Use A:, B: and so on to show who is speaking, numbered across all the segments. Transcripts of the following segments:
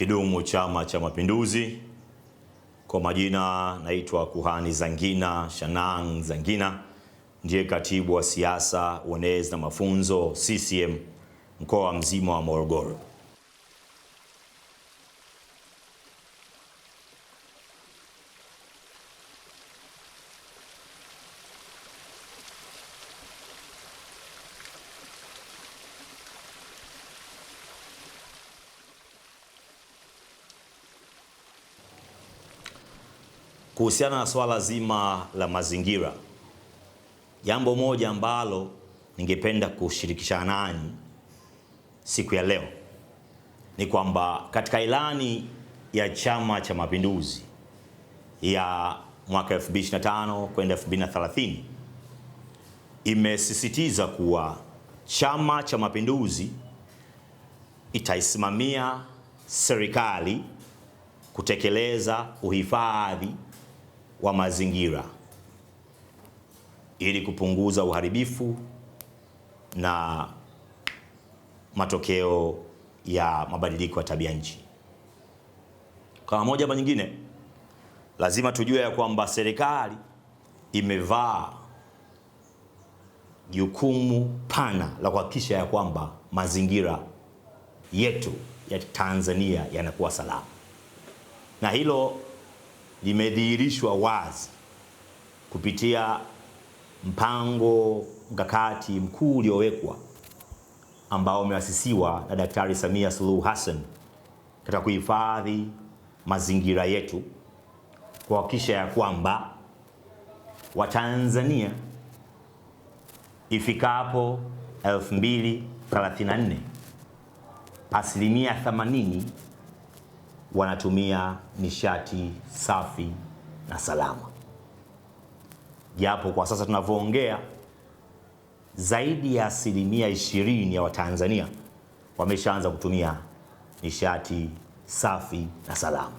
A: kidumu Chama cha Mapinduzi. Kwa majina naitwa Kuhani Zangina Shanang Zangina, ndiye katibu wa siasa, uenezi na mafunzo CCM mkoa mzima wa Morogoro. kuhusiana na swala zima la mazingira, jambo moja ambalo ningependa kushirikisha nanyi siku ya leo ni kwamba katika ilani ya Chama cha Mapinduzi ya mwaka 2025 kwenda 2030 imesisitiza kuwa Chama cha Mapinduzi itaisimamia serikali kutekeleza uhifadhi wa mazingira ili kupunguza uharibifu na matokeo ya mabadiliko ya tabia nchi. kama moja ama nyingine, lazima tujue ya kwamba serikali imevaa jukumu pana la kuhakikisha ya kwamba mazingira yetu ya Tanzania yanakuwa salama na hilo limedhihirishwa wazi kupitia mpango mkakati mkuu uliowekwa ambao umeasisiwa na Daktari Samia Suluhu Hassan katika kuhifadhi mazingira yetu, kuhakikisha ya kwamba Watanzania ifikapo 2034 asilimia 80 wanatumia nishati safi na salama, japo kwa sasa tunavyoongea zaidi ya asilimia ishirini ya Watanzania wameshaanza kutumia nishati safi na salama.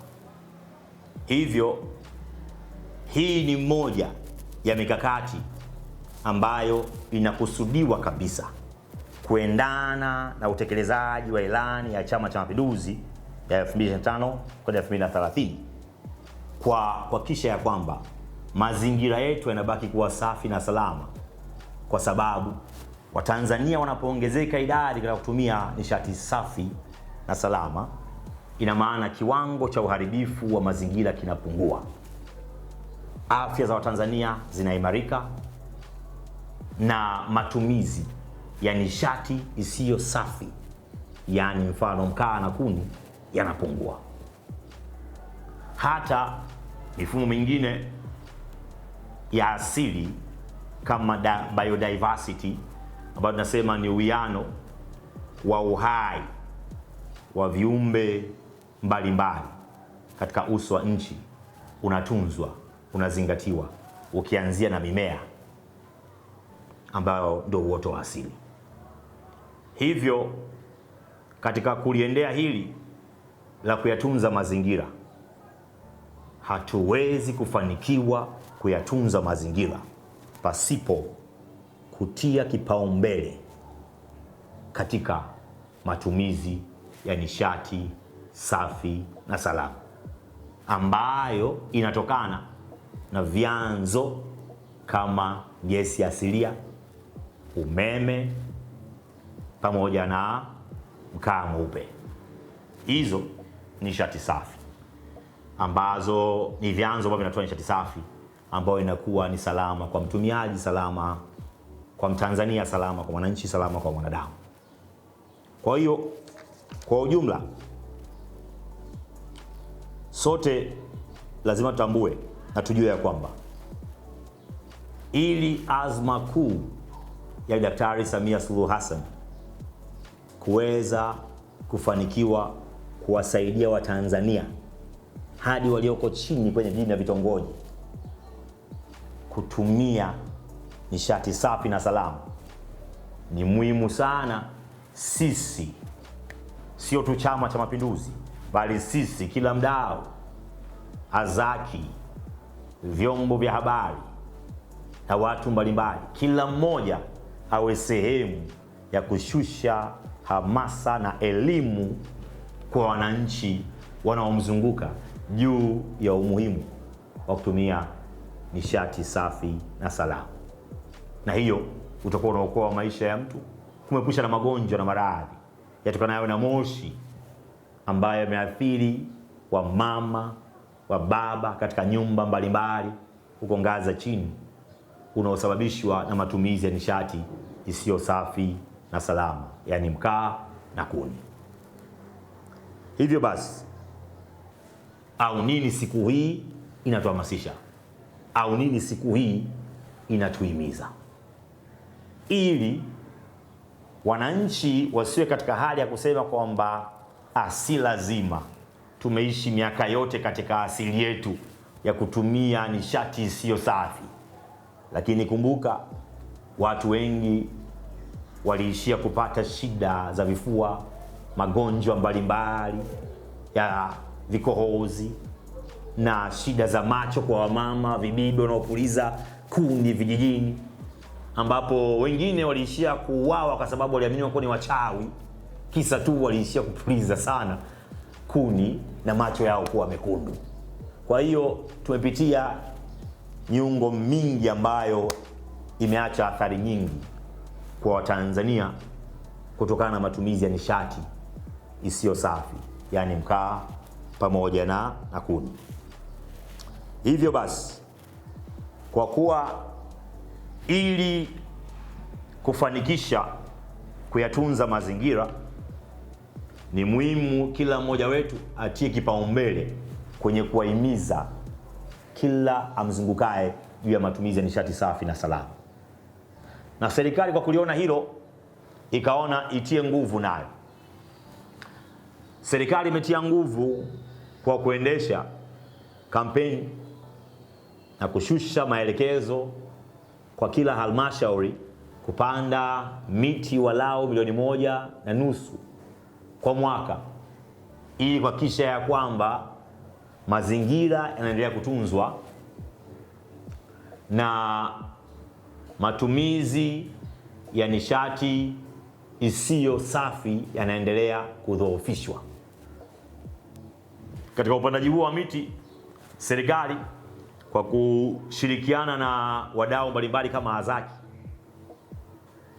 A: Hivyo hii ni moja ya mikakati ambayo inakusudiwa kabisa kuendana na utekelezaji wa ilani ya Chama cha Mapinduzi ya 2025 kwenda 2030 kwa kuhakikisha ya kwamba mazingira yetu yanabaki kuwa safi na salama, kwa sababu Watanzania wanapoongezeka idadi katika kutumia nishati safi na salama, ina maana kiwango cha uharibifu wa mazingira kinapungua, afya za Watanzania zinaimarika na matumizi ya nishati isiyo safi, yaani mfano mkaa na kuni yanapungua. Hata mifumo mingine ya asili kama biodiversity ambayo tunasema ni uwiano wa uhai wa viumbe mbalimbali katika uso wa nchi unatunzwa, unazingatiwa, ukianzia na mimea ambayo ndio uoto wa asili. Hivyo katika kuliendea hili la kuyatunza mazingira. Hatuwezi kufanikiwa kuyatunza mazingira pasipo kutia kipaumbele katika matumizi ya nishati safi na salama ambayo inatokana na vyanzo kama gesi asilia, umeme pamoja na mkaa mweupe. Hizo nishati safi ambazo ni vyanzo ambavyo vinatoa nishati safi ambayo inakuwa ni salama kwa mtumiaji, salama kwa Mtanzania, salama kwa mwananchi, salama kwa mwanadamu. Kwa hiyo kwa ujumla, sote lazima tutambue na tujue ya kwamba ili azma kuu ya Daktari Samia Suluhu Hassan kuweza kufanikiwa kuwasaidia Watanzania hadi walioko chini kwenye vijiji na vitongoji kutumia nishati safi na salama. Ni muhimu sana sisi, sio tu Chama cha Mapinduzi, bali sisi kila mdau, AZAKI, vyombo vya habari na watu mbalimbali, kila mmoja awe sehemu ya kushusha hamasa na elimu kwa wananchi wanaomzunguka juu ya umuhimu wa kutumia nishati safi na salama, na hiyo utakuwa unaokoa maisha ya mtu, kumepusha na magonjwa na maradhi yatokanayo na moshi ambayo yameathiri wa mama wa baba katika nyumba mbalimbali huko ngazi za chini, unaosababishwa na matumizi ya nishati isiyo safi na salama, yaani mkaa na kuni. Hivyo basi, au nini siku hii inatuhamasisha? Au nini siku hii inatuhimiza ili wananchi wasiwe katika hali ya kusema kwamba ah, si lazima, tumeishi miaka yote katika asili yetu ya kutumia nishati isiyo safi. Lakini kumbuka, watu wengi waliishia kupata shida za vifua magonjwa mbalimbali ya vikohozi na shida za macho kwa wamama, vibibi wanaopuliza kuni vijijini, ambapo wengine waliishia kuuawa kwa sababu waliaminiwa kuwa ni wachawi, kisa tu waliishia kupuliza sana kuni na macho yao kuwa mekundu. Kwa hiyo tumepitia miungo mingi ambayo imeacha athari nyingi kwa Watanzania kutokana na matumizi ya nishati isiyo safi, yaani mkaa pamoja na, na kuni. Hivyo basi, kwa kuwa ili kufanikisha kuyatunza mazingira ni muhimu kila mmoja wetu atie kipaumbele kwenye kuwahimiza kila amzungukaye juu ya matumizi ya nishati safi na salama, na serikali kwa kuliona hilo ikaona itie nguvu nayo. Serikali imetia nguvu kwa kuendesha kampeni na kushusha maelekezo kwa kila halmashauri kupanda miti walau milioni moja na nusu kwa mwaka ili kuhakikisha ya kwamba mazingira yanaendelea kutunzwa na matumizi ya nishati isiyo safi yanaendelea kudhoofishwa. Katika upandaji huu wa miti, serikali kwa kushirikiana na wadau mbalimbali kama AZAKI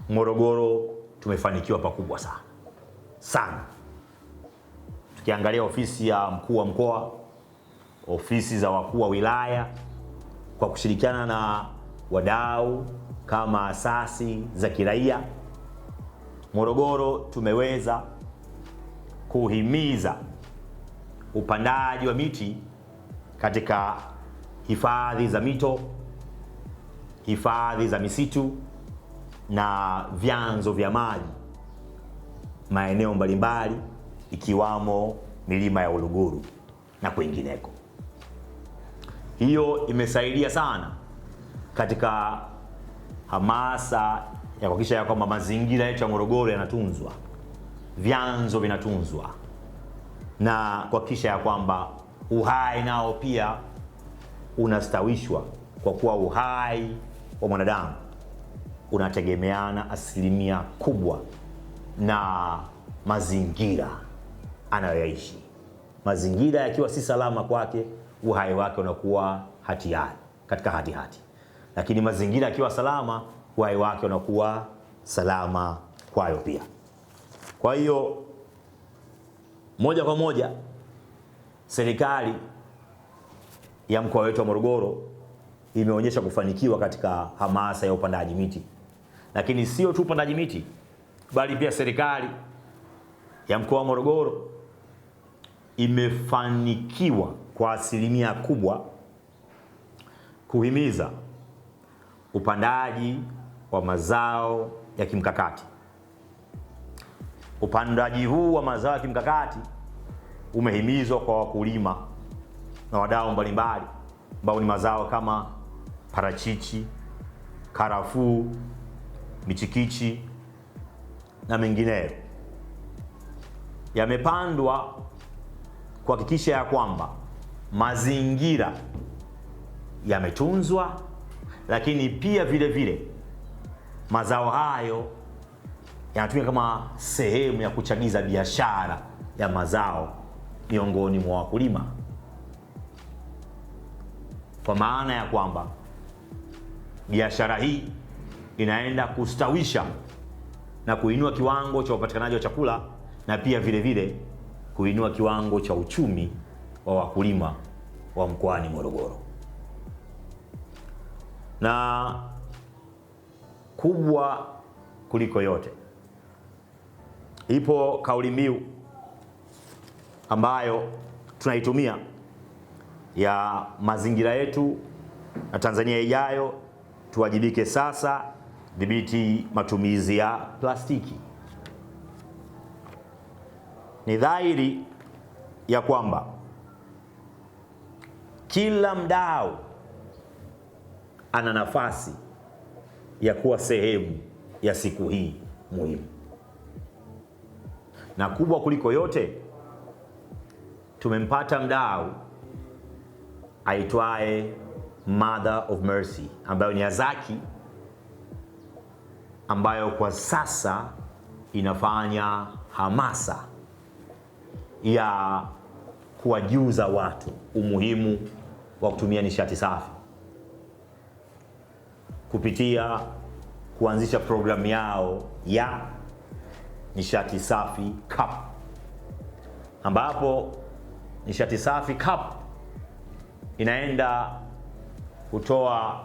A: Morogoro tumefanikiwa pakubwa sana sana. Tukiangalia ofisi ya mkuu wa mkoa, ofisi za wakuu wa wilaya, kwa kushirikiana na wadau kama asasi za kiraia, Morogoro tumeweza kuhimiza upandaji wa miti katika hifadhi za mito, hifadhi za misitu na vyanzo vya maji maeneo mbalimbali ikiwamo milima ya Uluguru na kwingineko. Hiyo imesaidia sana katika hamasa ya kuhakikisha ya kwamba mazingira yetu ya Morogoro yanatunzwa, vyanzo vinatunzwa na kuhakikisha ya kwamba uhai nao pia unastawishwa, kwa kuwa uhai wa mwanadamu unategemeana asilimia kubwa na mazingira anayoyaishi. Mazingira yakiwa si salama kwake, uhai wake unakuwa hatiari, katika hatihati hati. Lakini mazingira yakiwa salama, uhai wake unakuwa salama kwayo pia. Kwa hiyo moja kwa moja serikali ya mkoa wetu wa Morogoro imeonyesha kufanikiwa katika hamasa ya upandaji miti, lakini sio tu upandaji miti, bali pia serikali ya mkoa wa Morogoro imefanikiwa kwa asilimia kubwa kuhimiza upandaji wa mazao ya kimkakati Upandaji huu wa mazao ya kimkakati umehimizwa kwa wakulima na wadau mbalimbali ambao ni mazao kama parachichi, karafuu, michikichi na mengineyo, yamepandwa kuhakikisha ya kwamba mazingira yametunzwa, lakini pia vile vile mazao hayo yanatumika kama sehemu ya kuchagiza biashara ya mazao miongoni mwa wakulima, kwa maana ya kwamba biashara hii inaenda kustawisha na kuinua kiwango cha upatikanaji wa chakula na pia vile vile kuinua kiwango cha uchumi wa wakulima wa mkoani Morogoro. Na kubwa kuliko yote ipo kauli mbiu ambayo tunaitumia ya mazingira yetu na Tanzania ijayo, tuwajibike sasa, dhibiti matumizi ya plastiki. Ni dhahiri ya kwamba kila mdau ana nafasi ya kuwa sehemu ya siku hii muhimu na kubwa kuliko yote, tumempata mdau aitwaye Mother of Mercy ambayo ni Azaki, ambayo kwa sasa inafanya hamasa ya kuwajuza watu umuhimu wa kutumia nishati safi kupitia kuanzisha programu yao ya nishati safi Cup, ambapo nishati safi Cup inaenda kutoa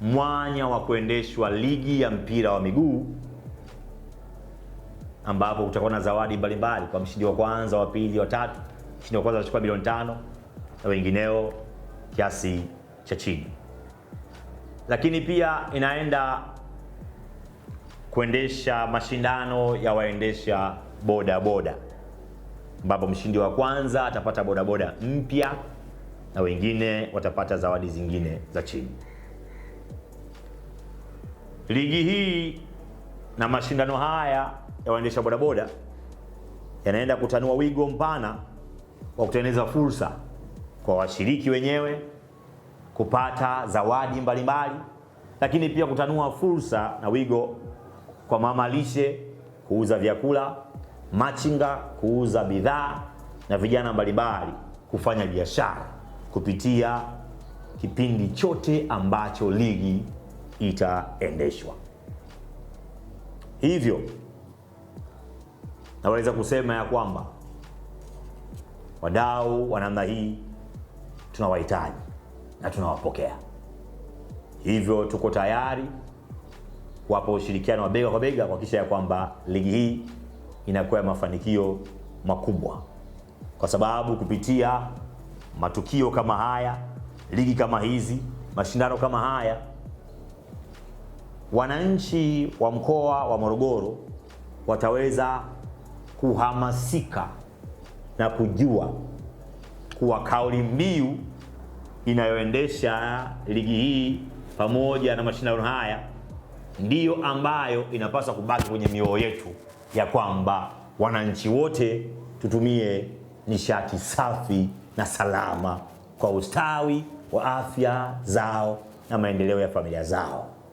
A: mwanya wa kuendeshwa ligi ya mpira wa miguu ambapo kutakuwa na zawadi mbalimbali kwa mshindi wa kwanza, wa pili, wa tatu. Mshindi wa kwanza atachukua milioni tano na wengineo kiasi cha chini, lakini pia inaenda kuendesha mashindano ya waendesha bodaboda ambapo mshindi wa kwanza atapata bodaboda mpya na wengine watapata zawadi zingine za chini. Ligi hii na mashindano haya ya waendesha bodaboda yanaenda kutanua wigo mpana wa kutengeneza fursa kwa washiriki wenyewe kupata zawadi mbalimbali, lakini pia kutanua fursa na wigo kwa mama lishe kuuza vyakula, machinga kuuza bidhaa na vijana mbalimbali kufanya biashara kupitia kipindi chote ambacho ligi itaendeshwa. Hivyo naweza kusema ya kwamba wadau wa namna hii tunawahitaji na tunawapokea. Hivyo tuko tayari kuwapa ushirikiano wa bega kwa bega kuhakikisha ya kwamba ligi hii inakuwa ya mafanikio makubwa, kwa sababu kupitia matukio kama haya, ligi kama hizi, mashindano kama haya, wananchi wa mkoa wa Morogoro wataweza kuhamasika na kujua kuwa kauli mbiu inayoendesha ligi hii pamoja na mashindano haya ndiyo ambayo inapaswa kubaki kwenye mioyo yetu ya kwamba wananchi wote tutumie nishati safi na salama kwa ustawi wa afya zao na maendeleo ya familia zao.